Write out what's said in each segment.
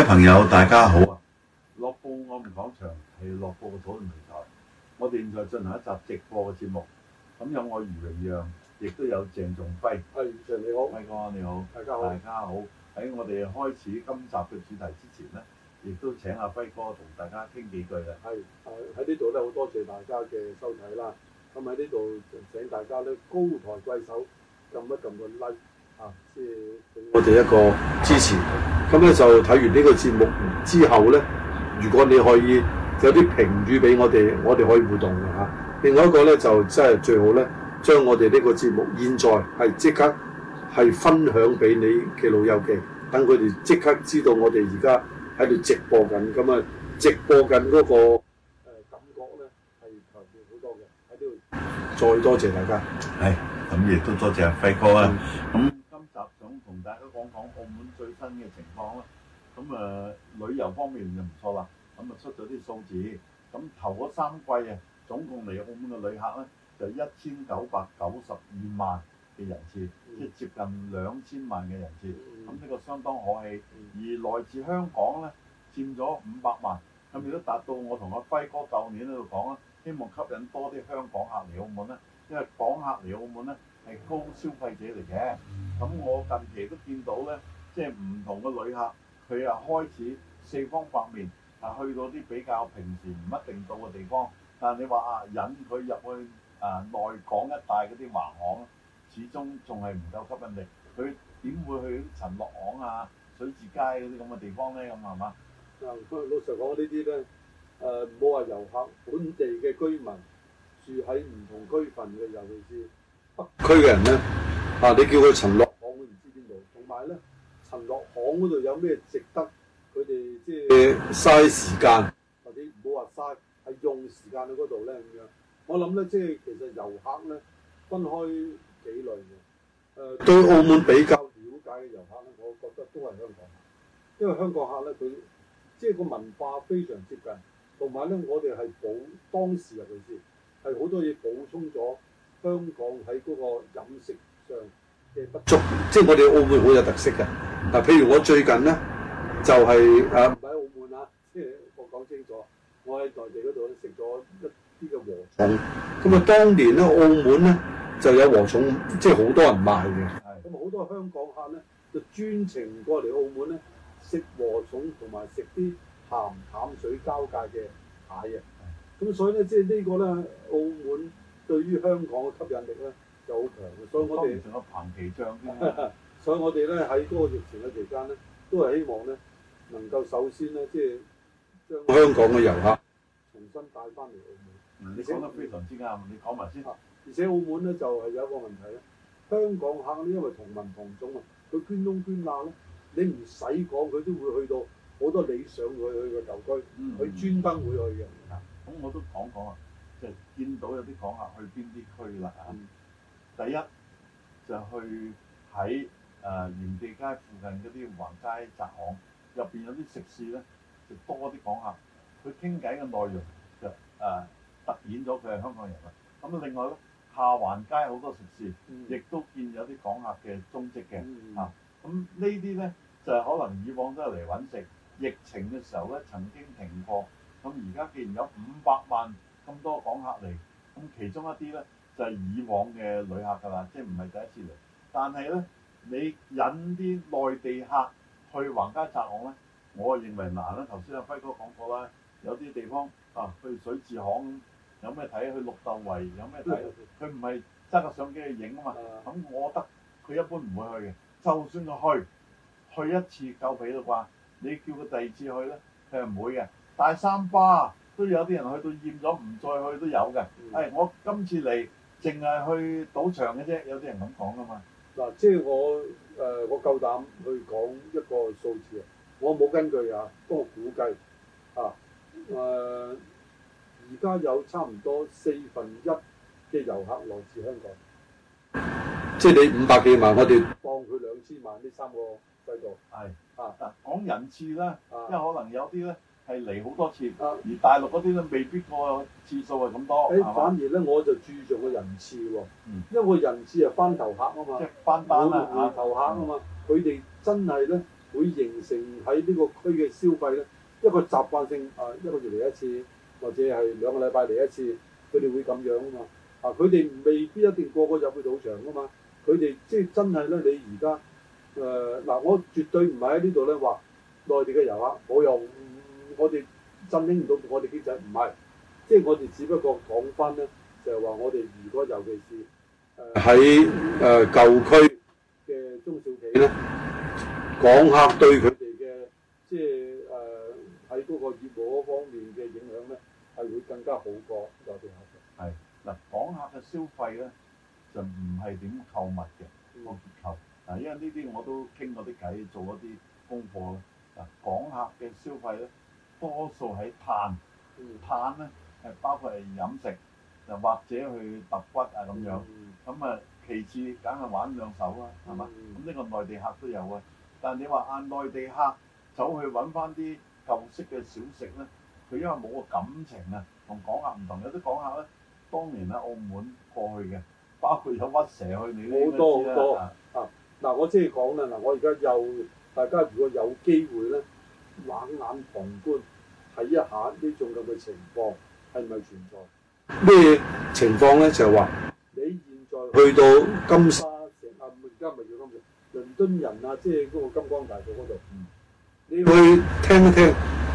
各位朋友，大家好，好啊！樂布我門廣場係樂布嘅討論平台，我哋現在進行一集直播嘅節目。咁有我余明陽，亦都有鄭仲輝。係余 s 你好，輝哥你好，大家好，大家好。喺我哋開始今集嘅主題之前呢，亦都請阿、啊、輝哥同大家傾幾句啦。係，喺呢度咧好多謝大家嘅收睇啦。咁喺呢度請大家咧高抬貴手，撳一撳個 like。啊！即係、嗯、我哋一個支持，咁咧就睇完呢個節目之後咧，如果你可以有啲評語俾我哋，我哋可以互動嘅吓、啊。另外一個咧就真係最好咧，將我哋呢個節目現在係即刻係分享俾你嘅老友記，等佢哋即刻知道我哋而家喺度直播緊。咁啊，直播緊嗰、那個誒、呃、感覺咧係強烈好多嘅喺呢度。再多謝大家，係咁亦都多謝阿輝哥啊，咁、嗯。嗯大家講講澳門最新嘅情況啦，咁誒、呃、旅遊方面就唔錯啦，咁啊，出咗啲數字，咁頭嗰三季啊總共嚟澳門嘅旅客咧就一千九百九十二萬嘅人次，即係接近兩千萬嘅人次，咁呢個相當可喜。而來自香港咧佔咗五百萬，咁亦都達到我同阿輝哥舊年喺度講啦，希望吸引多啲香港客嚟澳門咧，因為港客嚟澳門咧。係高消費者嚟嘅，咁我近期都見到咧，即係唔同嘅旅客，佢又開始四方八面，啊去到啲比較平時唔一定到嘅地方，但係你話啊引佢入去啊內港一帶嗰啲橫巷，始終仲係唔夠吸引力。佢點會去陳樂巷啊、水字街嗰啲咁嘅地方咧？咁係嘛？啊，老實講呢啲咧，啊唔好話遊客，本地嘅居民住喺唔同區份嘅，尤其是區嘅人咧，啊，你叫佢陳樂巷都唔知邊度，同埋咧陳樂巷嗰度有咩值得佢哋即係嘥時間，或者唔好話嘥，係用時間喺嗰度咧咁樣。我諗咧，即係其實遊客咧分開幾類嘅。誒、呃，對澳門比較，比較了解嘅遊客咧，我覺得都係香港客，因為香港客咧佢即係個文化非常接近，同埋咧我哋係補當時入去先，係好多嘢補充咗。香港喺嗰個飲食上嘅不足，即係我哋澳門好有特色嘅。嗱、啊，譬如我最近咧就係、是、啊，唔喺澳門啦、啊，即係我講清楚，我喺內地嗰度食咗一啲嘅禾蟲。咁啊、嗯，嗯、當年咧澳門咧就有禾蟲，即係好多人賣嘅。咁好是多香港客咧就專程過嚟澳門咧食禾蟲，同埋食啲鹹淡水交界嘅蟹嘅、啊。咁是所以咧，即係呢個咧澳門。對於香港嘅吸引力咧就好強嘅，所以我哋，康唔彭奇象 所以我哋咧喺嗰個疫情嘅期間咧，都係希望咧能夠首先咧，即係將香港嘅遊客重新帶翻嚟澳門。嗯、你講得非常之啱，你講埋先。嗯、你而且澳門咧就係有一個問題咧，香港客咧因為同文同種啊，佢捐窿捐罅咧，你唔使講佢都會去到好多理想佢去嘅舊區，佢專登會去嘅。咁我都講講啊。就見到有啲港客去邊啲區啦嚇。嗯、第一就去喺誒營地街附近嗰啲橫街窄巷入邊有啲食肆咧，就多啲港客。佢傾偈嘅內容就誒、呃、突顯咗佢係香港人啊。咁、嗯、另外咧，下環街好多食肆，亦、嗯、都見有啲港客嘅蹤跡嘅嚇。咁、嗯啊、呢啲咧就係可能以往都係嚟揾食，疫情嘅時候咧曾經停過，咁而家既然有五百萬。咁多港客嚟，咁其中一啲咧就係、是、以往嘅旅客㗎啦，即係唔係第一次嚟。但係咧，你引啲內地客去橫街窄巷咧，我係認為難啦。頭先阿輝哥講過啦，有啲地方啊，去水字巷有咩睇？去綠豆圍有咩睇？佢唔係揸個相機去影啊嘛。咁、嗯、我覺得，佢一般唔會去嘅。就算佢去，去一次夠皮啦啩？你叫佢第二次去咧，佢係唔會嘅。大三巴。都有啲人去到厭咗唔再去都有嘅。誒、嗯哎，我今次嚟淨係去賭場嘅啫，有啲人咁講㗎嘛。嗱，即係我誒，我夠膽去講一個數字啊！我冇根據啊，不過估計啊。誒，而家有差唔多四分一嘅遊客來自香港。即係你五百幾萬塊塊，我哋當佢兩千萬呢三個季度。係是啊。嗱，講人次咧，啊、因為可能有啲咧。係嚟好多次，而大陸嗰啲咧未必個次數係咁多，係嘛？反而咧我就注重個人次喎，因為個人次係翻頭客啊、嗯、嘛，即翻翻頭客啊嘛，佢哋、嗯、真係咧會形成喺呢個區嘅消費咧一個習慣性啊、呃、一個月嚟一次，或者係兩個禮拜嚟一次，佢哋會咁樣啊嘛。啊、呃，佢哋未必一定個個入去賭場噶嘛，佢哋即係真係咧你而家誒嗱，我絕對唔係喺呢度咧話內地嘅遊客冇用。我哋振興唔到我哋經濟，唔係是，即係我哋只不過講返咧，就係話我哋如果尤其是喺誒、呃呃、舊區嘅中小企咧、呃，港客對佢哋嘅即係誒喺嗰個業務嗰方面嘅影響咧，係會更加好過有啲客。係嗱，港客嘅消費咧就唔係點購物嘅個結構，嗱，因為呢啲我都傾過啲偈，做咗啲功課啦。嗱，港客嘅消費咧。多數係嘆，嘆咧係包括係飲食，又或者去揼骨啊咁樣。咁啊、嗯，其次梗係玩兩手啦，係嘛、嗯？咁呢個內地客都有啊。但係你話啊，內地客走去揾翻啲舊式嘅小食咧，佢因為冇個感情啊，同港客唔同。有啲港客咧，當年喺澳門過去嘅，包括有屈蛇去你呢啲咁嘅啊，嗱、啊，我即係講啦，嗱，我而家又大家如果有機會咧。冷眼旁觀，睇一下呢種咁嘅情況係咪存在？咩情況咧？就係、是、話你現在去到金沙，而家咪叫金域，倫敦人啊，即係嗰個金光大道嗰度，嗯、你去聽一聽，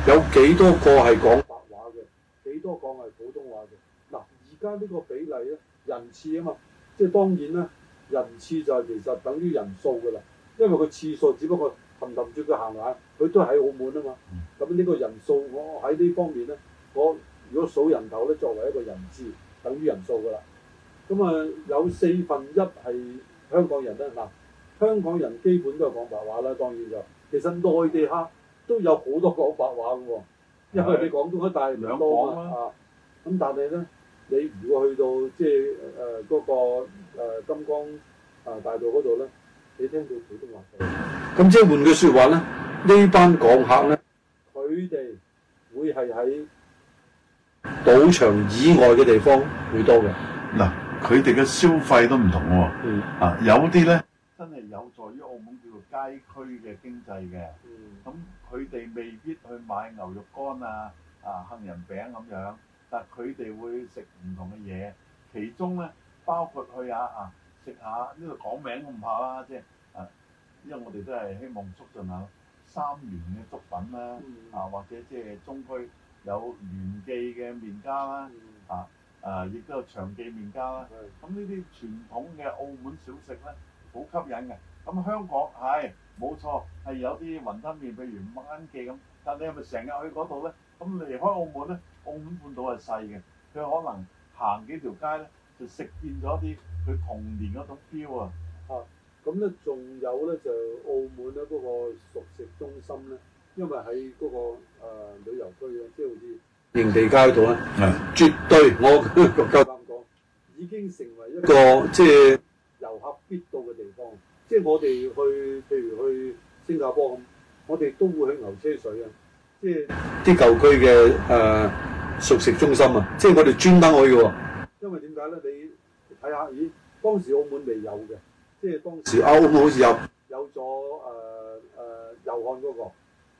有幾多個係講白話嘅？幾多個係普通話嘅？嗱，而家呢個比例咧，人次啊嘛，即係當然啦，人次就係其實等於人數㗎啦，因為個次數只不過。氹氹住佢行啊！佢都喺澳門啊嘛。咁呢個人數，我喺呢方面咧，我如果數人頭咧，作為一個人資，等於人數㗎啦。咁啊，有四分一係香港人咧，嗱，香港人基本都係講白話啦，當然就其實內地客都有好多講白話㗎喎、啊，因為你廣東一帶唔多啊。咁、啊、但係咧，你如果去到即係誒嗰個金光啊大道嗰度咧？你聽到幾多話？咁即係換句説話咧，呢班港客咧，佢哋會係喺賭場以外嘅地方會多嘅。嗱，佢哋嘅消費都唔同嘅喎。啊，有啲咧真係有助於澳門叫做街區嘅經濟嘅。咁佢哋未必去買牛肉乾啊、啊杏仁餅咁樣，但佢哋會食唔同嘅嘢，其中咧包括去啊啊。食下，呢度講名我唔怕啦，即係啊，因為我哋都係希望促進下三元嘅粥品啦，啊或者即係中區有元記嘅麵家啦，啊啊亦都有長記麵家啦。咁呢啲傳統嘅澳門小食咧，好吸引嘅。咁香港係冇錯係有啲雲吞麵，譬如麥記咁，但你係咪成日去嗰度咧？咁離開澳門咧，澳門半島係細嘅，佢可能行幾條街咧，就食遍咗啲。佢童年嗰種 feel 啊！啊，咁咧仲有咧就澳門咧嗰個熟食中心咧，因為喺嗰、那個、呃、旅遊區啊，即係好似營地街道啊，咧、嗯，絕對我夠膽講，已經成為一個即係遊客必到嘅地方。即係、就是、我哋去，譬如去新加坡咁，我哋都會去牛車水啊！即係啲舊區嘅誒、呃、熟食中心啊，即、就、係、是、我哋專登去嘅、啊。因為點解咧？你係啊，咦、哎？當時澳門未有嘅，即係當時歐好似有 有咗誒誒遊漢嗰個，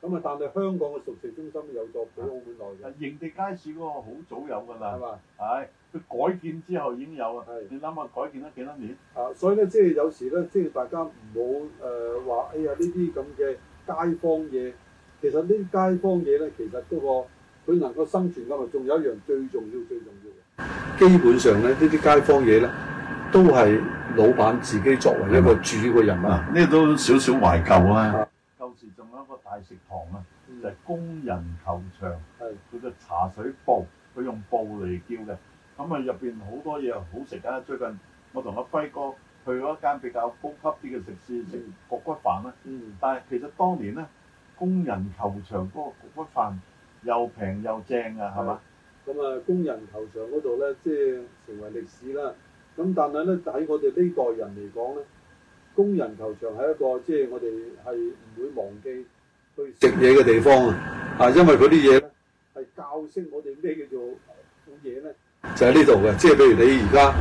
咁啊，但係香港嘅熟食中心有咗、啊、比澳門耐嘅。營地街市嗰個好早有㗎啦，係嘛吧？係佢、哎、改建之後已經有啦，是你諗下改建咗幾多年？啊，所以咧，即係有時咧，即係大家唔好誒話，哎呀呢啲咁嘅街坊嘢，其實呢啲街坊嘢咧，其實嗰個佢能夠生存㗎嘛，仲有一樣最重要、最重要嘅。基本上咧，呢啲街坊嘢咧，都係老闆自己作為一個主嘅人啊。呢都少少懷舊啦。舊時仲有一個大食堂啊，就係工人球場。係。佢嘅茶水布，佢用布嚟叫嘅。咁啊，入邊好多嘢好食啊！最近我同阿輝哥去咗一間比較高級啲嘅食肆食焗骨飯啦。嗯。但係其實當年咧，工人球場嗰個焗骨飯又平又正啊，係嘛？咁啊，工人球場嗰度咧，即係成為歷史啦。咁但係咧，喺我哋呢代人嚟講咧，工人球場係一個即係我哋係唔會忘記去食嘢嘅地方啊。啊，因為嗰啲嘢咧係教識我哋咩叫做好嘢咧，就喺呢度嘅。即係譬如你而家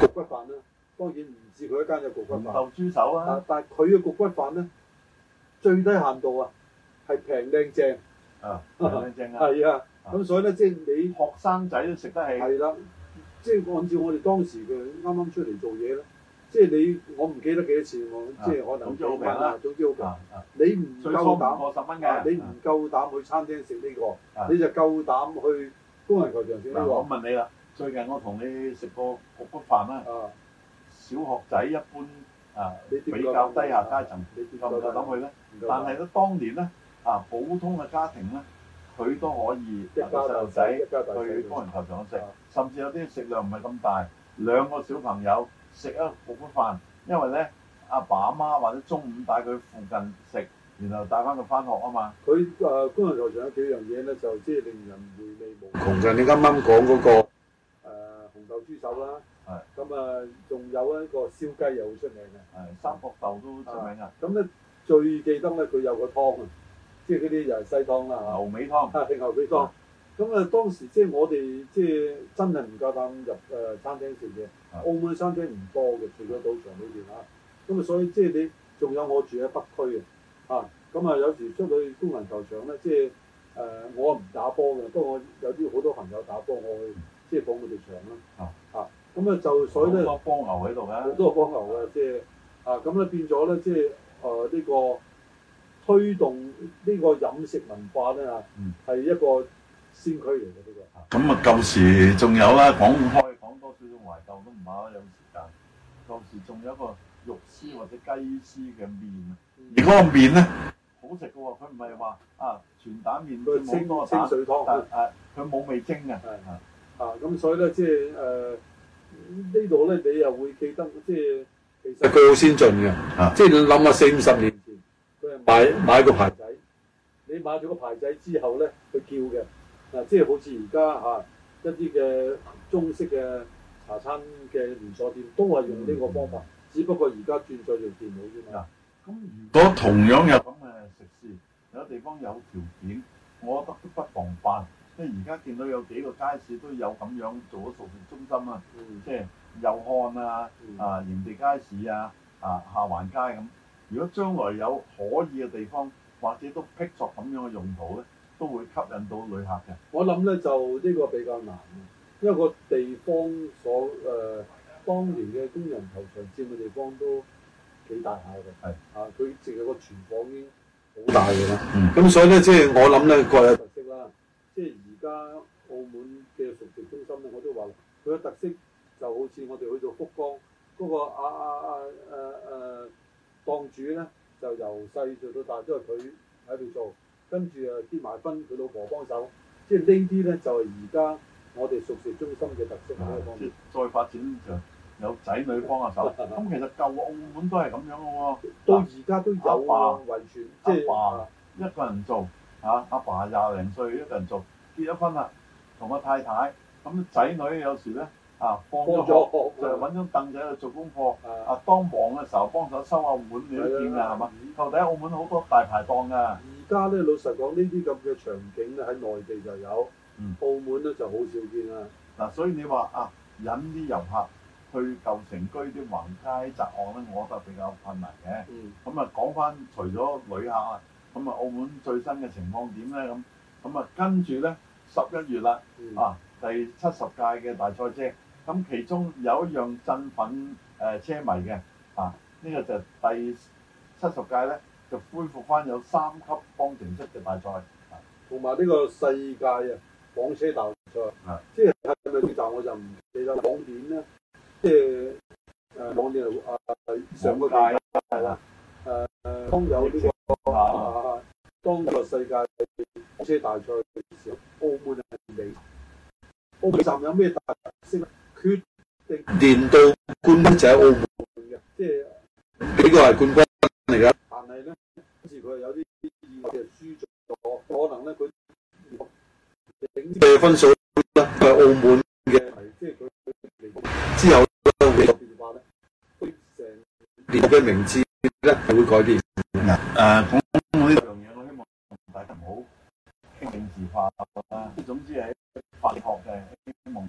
焗骨飯啦，當然唔止佢一間有焗骨飯，牛豬手啊。但係佢嘅焗骨飯咧最低限度啊係平靚正啊，平靚正啊，係 啊。咁所以咧，即係你學生仔都食得係，係啦，即係按照我哋當時嘅啱啱出嚟做嘢咧，即係你我唔記得幾多錢，即係可能幾蚊，總之好平啦，總之好平，你唔夠膽，你唔夠膽去餐廳食呢個，你就夠膽去工人球場先。我問你啦，最近我同你食過焗骨飯啦，小學仔一般啊比較低下階層夠唔夠膽去咧？但係咧，當年咧啊普通嘅家庭咧。佢都可以帶啲細路仔去工人球場食，啊、甚至有啲食量唔係咁大，兩個小朋友食啊半碗飯，因為咧阿爸阿媽或者中午帶佢附近食，然後帶翻佢翻學啊嘛。佢誒、呃、工人球場有幾樣嘢咧，就即係令人回味無窮嘅。你啱啱講嗰個誒、呃、紅豆豬手啦，咁啊仲有一個燒雞又好出名嘅，三角豆都好出名嘅。咁咧最記得咧，佢有個湯。即係嗰啲就係西湯啦，牛尾湯。係牛尾湯。咁啊，當時即係我哋即係真係唔夠膽入誒餐廳食嘢。澳門餐廳唔多嘅，除咗賭場裏邊嚇。咁啊，所以即係、就是、你仲有我住喺北區嘅嚇。咁啊，有時出去工人球場咧，即係誒我唔打波嘅，不過我有啲好多朋友打波，我去即係捧佢哋場啦。嚇，咁啊就呢、呃、所以咧，好多波牛喺度嘅，好多波牛嘅，即係啊，咁啊變咗咧，即係誒呢個。推動呢個飲食文化咧嚇，係一個先驅嚟嘅呢個。咁啊，舊時仲有啦，講唔開，講多啲都懷舊都唔啱有時間。舊時仲有一個肉絲或者雞絲嘅麵，而嗰個麵咧，好食㗎喎，佢唔係話啊全蛋麵，佢清清水湯，誒佢冇味精嘅，係係啊，咁所以咧，即係誒呢度咧，你又會記得，即係其實佢好先進嘅，即係你諗下四五十年前。佢係買買個牌仔，買牌你買咗個牌仔之後咧，佢叫嘅嗱，即、啊、係、就是、好似而家嚇一啲嘅中式嘅茶餐廳嘅連鎖店都係用呢個方法，嗯、只不過而家轉咗做電腦啫嘛。咁、嗯、如果同樣有咁嘅食肆，有地方有條件，我覺得都不妨辦。即係而家見到有幾個街市都有咁樣做咗熟食中心啊，即係祐漢啊、啊營地街市啊、啊下環街咁。如果將來有可以嘅地方，或者都闢作咁樣嘅用途咧，都會吸引到旅客嘅。我諗咧就呢個比較難，因為個地方所誒、呃、當年嘅工人球場佔嘅地方都幾大下嘅。係的啊，佢淨係個廚房已經好大嘅啦。的嗯。咁所以咧，即、就、係、是、我諗咧，各有特色啦。即係而家澳門嘅熟食中心咧，我都話佢嘅特色就好似我哋去到福岡嗰、那個啊啊啊誒誒。啊啊檔主咧就由細做到大都係佢喺度做，跟住啊結埋婚佢老婆幫手，即係呢啲咧就係而家我哋熟食中心嘅特色。即係再，再發展就有仔女幫下手。咁 其實舊澳門都係咁樣嘅、啊、喎， 但到而家都有爸爸，即係、爸遺傳，即係一個人做吓，阿、啊、爸廿零歲一個人做，結咗婚啦，同阿太，太太，咁仔女有時咧。啊，放咗學就係揾張凳仔喺度做功課。啊，當忙嘅時候幫手收下碗，你都見啊，係嘛？後底澳門好多大排檔㗎。而家咧老實講，呢啲咁嘅場景咧喺內地就有，澳門咧就好少見啦。嗱，所以你話啊，引啲遊客去舊城區啲橫街窄巷咧，我覺得比較困難嘅。咁啊，講翻除咗旅客，啊，咁啊澳門最新嘅情況點咧？咁咁啊，跟住咧十一月啦，啊第七十屆嘅大賽車。咁其中有一樣振奮誒車迷嘅啊，呢、呢個就係第七十屆咧就恢復翻有三級方程式嘅大賽，同埋呢個世界啊港車大賽，的即係喺咪鐵站我就唔記得。港點咧，即係誒港點啊？上個屆係啦，誒通有呢個的、啊、當作世界港車大賽嘅時候，澳門係你，澳門站有咩大賽？決定年度冠軍就喺澳門嘅，即係呢個係冠軍嚟嘅。但係咧，當時佢有啲意外嘅輸咗，可能咧佢整嘅分數咧喺澳門嘅，即係佢之後會變化咧。成年嘅名字咧係會改變。嗱，誒，講呢樣嘢，我希望大家唔好輕視化啦。總之係法學嘅希望。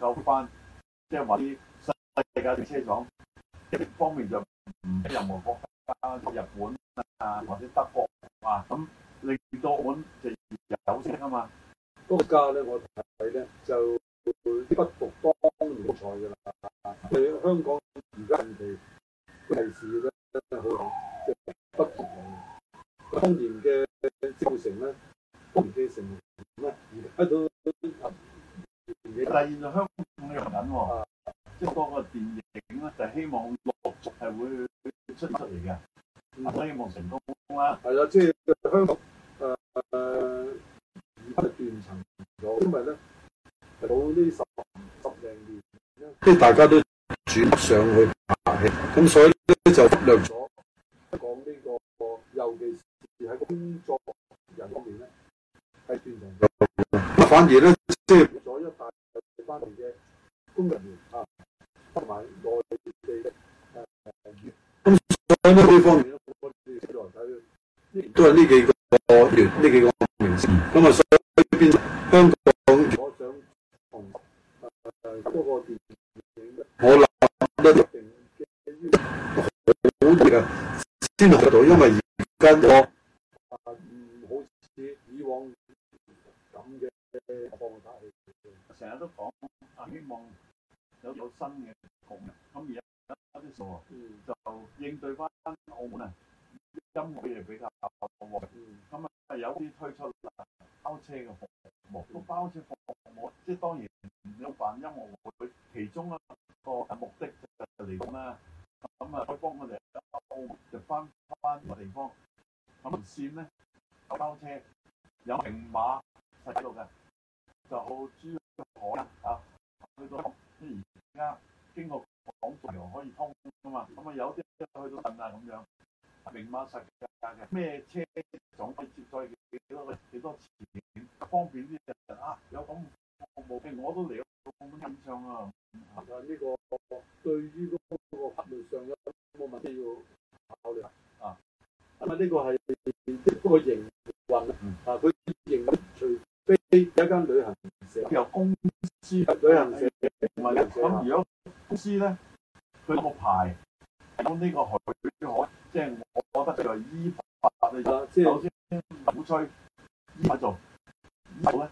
救翻即係話新世界列車廠，一方面就唔比任何國家，日本啊或者德國啊咁，你多款就有聲啊嘛。國家咧，我睇咧就會不得當當人才㗎啦。對香港而家人哋都係試啦。希望成功啦。係啦，即係香港誒而家斷層咗，因為咧有啲十十零年，即係大家都轉上去拍戲，咁所以咧就忽略咗講呢個尤其是喺工作人方面咧係斷層咗。咁反而咧，即係咗一大批翻嚟嘅工人員啊，同埋內地嘅誒，咁喺呢方面。都係呢幾個呢幾個明星，咁啊所以變香港，我想誒嗰個電影，我諗得一定好嘅先去到，因為而家我。就好可能啊，去到即而家經過港珠澳可以通噶嘛，咁啊有啲去到鎮啊咁樣明碼實價嘅，咩車種可以接載幾多幾多錢，方便啲啊？有咁服務，我都嚟到，五蚊以上啊！啊、嗯、呢個對於嗰個法律上嘅冇問題要考慮啊，咁啊呢個係即嗰個營運、嗯、啊，佢營運隨。有一間旅行社，由公司個旅行社唔係啦。咁如果公司咧，佢個牌咁呢個許可以，即、就、係、是、我覺得就係依法即嘅。首先鼓吹，依法做，依下咧，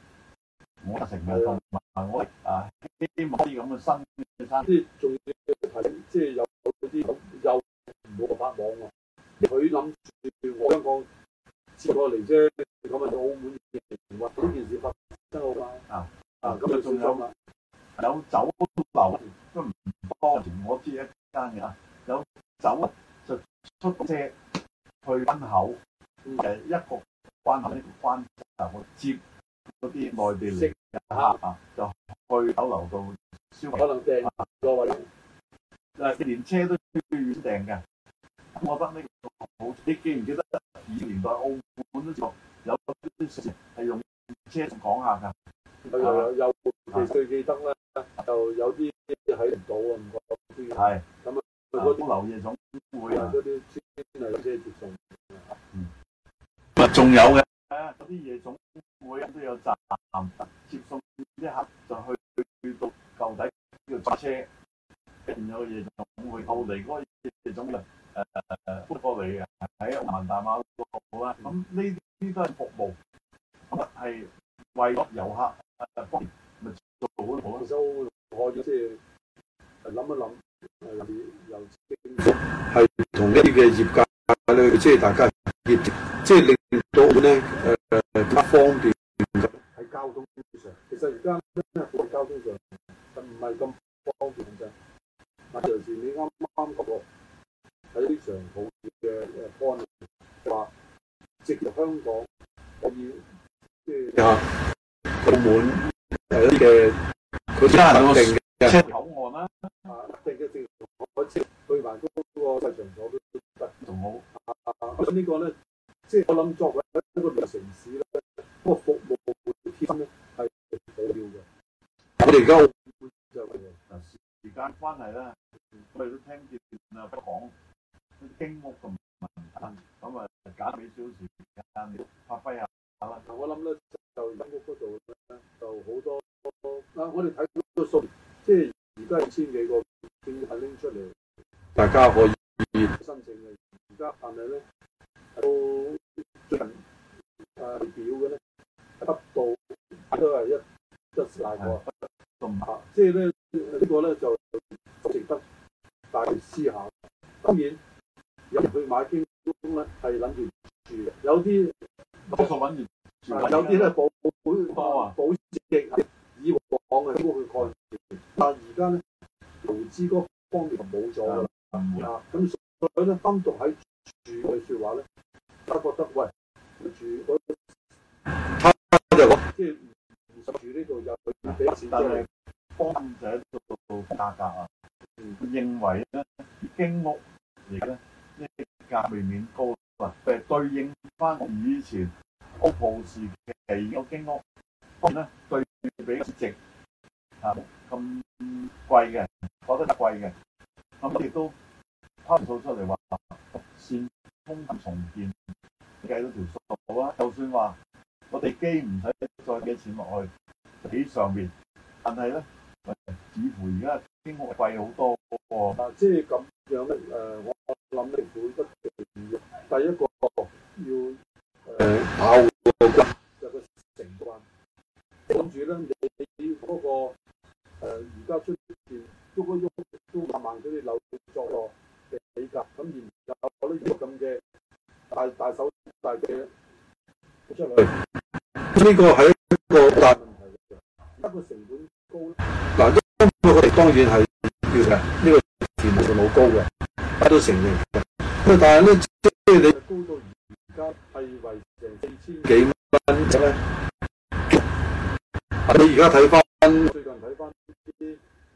我成日同埋我誒呢啲咁嘅新嘅生，即係仲要睇，即係、就是、有嗰啲、就是、有冇個辦法啊？佢諗住我香港接過嚟啫。食嚇就去酒樓度消費，可能訂多或者誒連車都遠訂嘅。咁我覺得呢個好，你記唔記得以前在澳門都做有啲事情係用車講下㗎？係啊，有最記得啦，就有啲喺度啊，唔該啲嘢。係咁啊，酒樓夜總會啊，嗰啲專車接送。嗯，咪仲有嘅。誒，嗰啲夜總。每人都有站接送啲客，即刻就去去到舊底要搭車，然後嘢就唔會到嚟嗰。係啲嘅，佢都肯定嘅。七口岸啦，啊一定嘅，定咗先去還珠嗰個市場坐都得。同我，啊咁呢個咧，即係我諗作為一個城市咧，個服務貼身咧係重要嘅。我哋而家時間關係咧，我哋都聽住啊講經目咁問題，咁啊減少少時間。我哋睇到個數，即係而家係千幾個先係拎出嚟，大家可以申請嘅。而家係咪咧都最近啊表嘅咧，得到都係一一成不大過，都唔怕。即係咧呢個咧就值得大家思考。當然有人去買京東咧係諗住住嘅，有啲確實揾完，有啲咧保保啊，保值。講係高佢價錢，但而家咧投資嗰方面就冇咗啦，咁所以咧單獨喺住嘅說話咧，都覺得喂住我即係住呢度又俾錢，但係關鍵就喺、是、度到價格啊，認為咧經屋嚟咧呢價未免高啊，但係對應翻以前屋暴時期嘅經屋屋咧對比，比值，值。啊咁貴嘅，覺得貴嘅，咁、嗯、亦都唔數出嚟話線通重建計到條數好、嗯哦、啊！就算話我哋機唔使再畀錢落去喺上邊，但係咧似乎而家已經貴好多喎。即係咁樣咧，誒，我諗你每筆嘅第一個要誒把握個、嗯、有一個習慣，跟住咧。而家出錢喐一喐都萬萬嗰啲樓嚟作喎，起價咁而家有好多咁嘅大大手大嘅出嚟，呢個係一個大問題。一個成本高咧，嗱，因為我哋當然係要嘅，呢個成本係好高嘅，都承認嘅。咁但係咧，即係你高到而家係維持四千幾蚊嘅咧，你而家睇翻最近睇翻。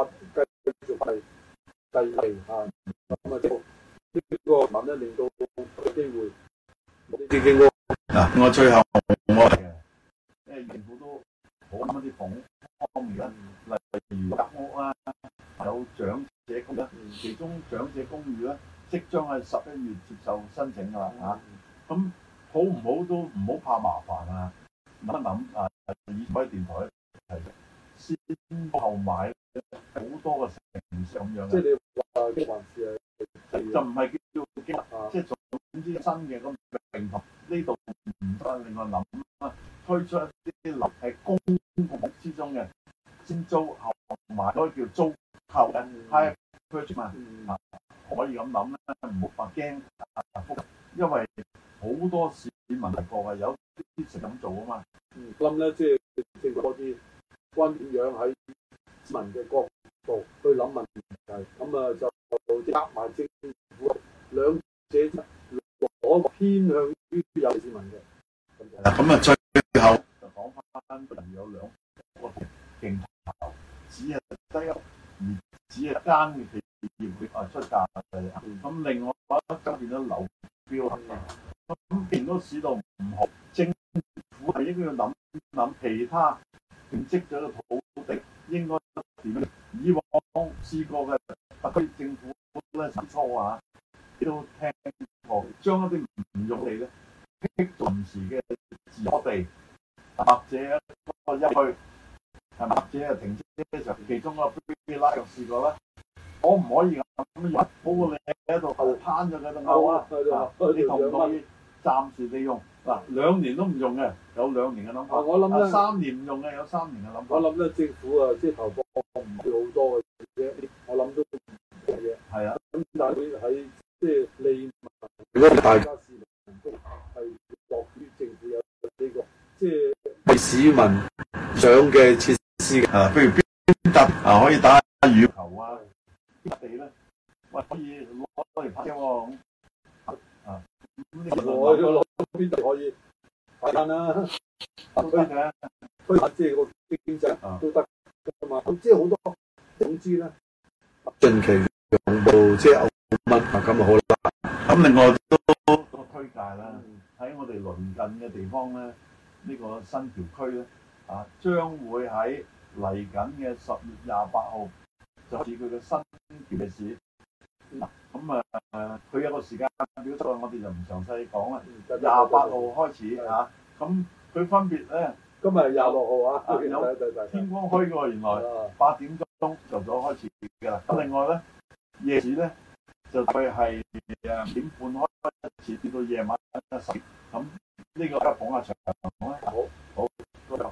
繼續係繼離啊！咁啊，呢個問咧，諗一年都有機會。嗱，我最後我係嘅，因為政府都好多啲房方面咧，例如屋啊，有長者居啦，其中長者公寓咧，即將係十一月接受申請噶啦嚇。咁好唔好都唔好怕麻煩啊！諗一諗啊，以我哋電台係先購買。好多嘅城市咁樣即係你話嘅就還是係就唔係叫即係、啊就是、總之新嘅咁，並同呢度唔得，另外諗啊，推出一啲樓喺公共之中嘅先租後買、嗯嗯、可以叫租購嘅，係可以咁諗啦，唔怕驚，因為好多市民係過嘅，有支持咁做啊嘛。咁咧，即係即係多啲關點樣喺。民嘅角度去諗問題，咁啊就夾埋政府兩者，都偏向於有市民嘅。咁、就是、啊、嗯、最後就講翻，有兩個競投，只係低屋，唔只係一間嘅企業啊出價，咁、嗯、另外嘅話，咁今年都流標啊，咁變咗市道唔好，政府係應該要諗諗其他積積咗個鋪。應該點咧？以往試過嘅特區政府咧，起初啊，都聽過將一啲唔用嘅、不重視嘅自我地，或者一去，一或者係停車場其中一個拉入試過咧，可唔可以咁樣？鋪你喺度攤咗嘅牛啊，的你可以暫時利用。嗱，兩年都唔用嘅，有兩年嘅諗法。我諗咗三年唔用嘅，有三年嘅諗法。我諗政府、就是、啊，即係投放唔少好多嘅嘢啫。我諗都係啊。咁但係喺即係利民。如果大家市民係落於政府有呢個即係為市民上嘅設施啊，譬如邊搭啊，可以打羽球啊，邊地咧，喂，可以攞嚟拍咁我攞邊度可以買單啦？推嘅推下車個經濟都得，咁啊嘛都知好多，總之咧近期兩部車有乜啊咁啊好啦，咁另外都推介啦，喺、嗯、我哋鄰近嘅地方咧，呢、呢個新橋區咧啊，將會喺嚟緊嘅十月廿八號就開始佢嘅新橋市。嗱，咁啊、嗯，佢、呃、有個時間表在，我哋就唔詳細講啦。廿八號開始嚇，咁佢的、啊、分別咧，今日廿六號啊，天光墟原來八點鐘就早開始嘅啦。的另外咧，夜市咧就佢係點半開,開始，至到夜晚十，咁呢個講下場。好，好，好，多謝